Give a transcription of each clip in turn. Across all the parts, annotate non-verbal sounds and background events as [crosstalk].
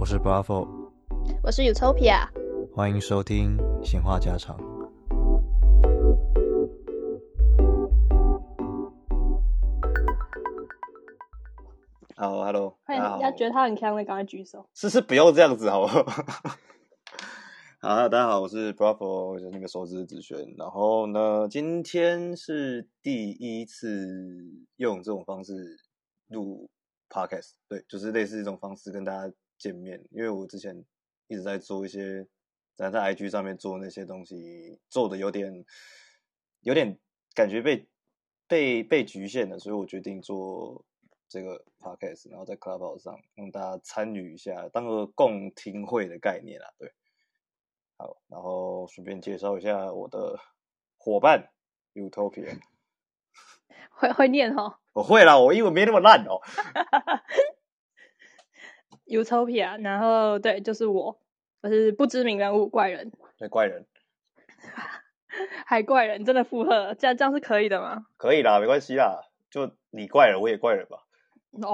我是 Bravo，我是 Utopia，歡迎收聽閒話家常。Hello, hello, Hey，大家覺得他很像的，趕快舉手。是，是，不用這樣子，好不好？ [laughs] 好，大家好，我是 Bravo，就是那個手指的子軒。然後呢，今天是第一次用這種方式錄 Podcast，對，就是類似這種方式跟大家。見面，因為我之前一直在做一些，在在 IG 上面做那些東西，做的有點有點感覺被被被局限了，所以我決定做這個 podcast，然後在 Clubhouse 上讓大家參與一下，當個共聽會的概念啊，對。好，然後順便介紹一下我的夥伴 Utopia，會會念哦？我會啦，我英文沒那麼爛哦。 [laughs] Utopia 然後對，就是我，我是不知名人物怪人，對，怪人，欸、怪人 [laughs] 還怪人，真的附和，這樣這樣是可以的嗎？可以啦，沒關係啦，就你怪人，我也怪人吧。Oh,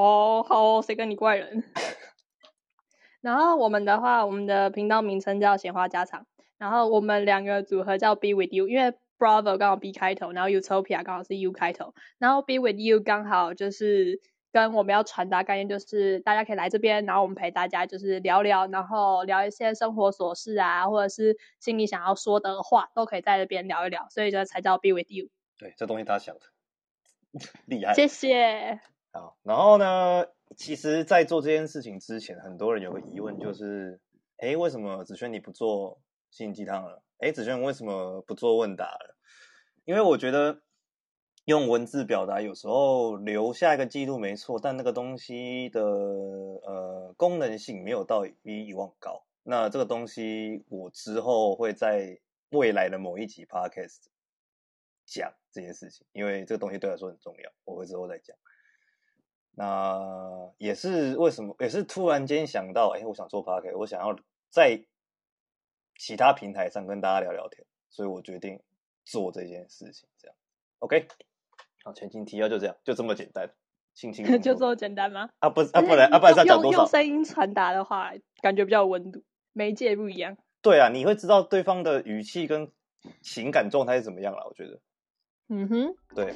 哦，好，誰跟你怪人？ [laughs] 然後我們的話，我們的頻道名稱叫閒花家常，然後我們兩個組合叫 B with U，因為 BRAFO 剛好 B 開頭，然後 Utopia 剛好是 U 開頭，然後 B with U 剛好就是。跟我們要傳達概念就是，大家可以來這邊，然後我們陪大家就是聊聊，然後聊一些生活瑣事啊，或者是心裡想要說的話，都可以在這邊聊一聊，所以就才叫 Be with you。對，這東西大家想的 [laughs] 厲害。謝謝。好，然後呢，其實，在做這件事情之前，很多人有個疑問就是，哎，為什麼子萱你不做心靈雞湯了？哎，子萱你為什麼不做問答了？因為我覺得。用文字表達有時候留下一個記錄沒錯，但那個東西的呃功能性沒有到比以,以往高。那這個東西我之後會在未來的某一集 Podcast 講這件事情，因為這個東西對我來說很重要，我會之後再講。那也是為什麼也是突然間想到，哎、欸，我想做 Podcast，我想要在其他平台上跟大家聊聊天，所以我決定做這件事情。這樣，OK。前情提要就這樣，就這麼簡單，輕輕。 [laughs] 就這麼簡單嗎？啊不啊不能啊不能再講多少用。用聲音傳達的話，感覺比較有溫度，媒介不一樣。對啊，你會知道對方的語氣跟情感狀態是怎麼樣了，我覺得。嗯哼。對。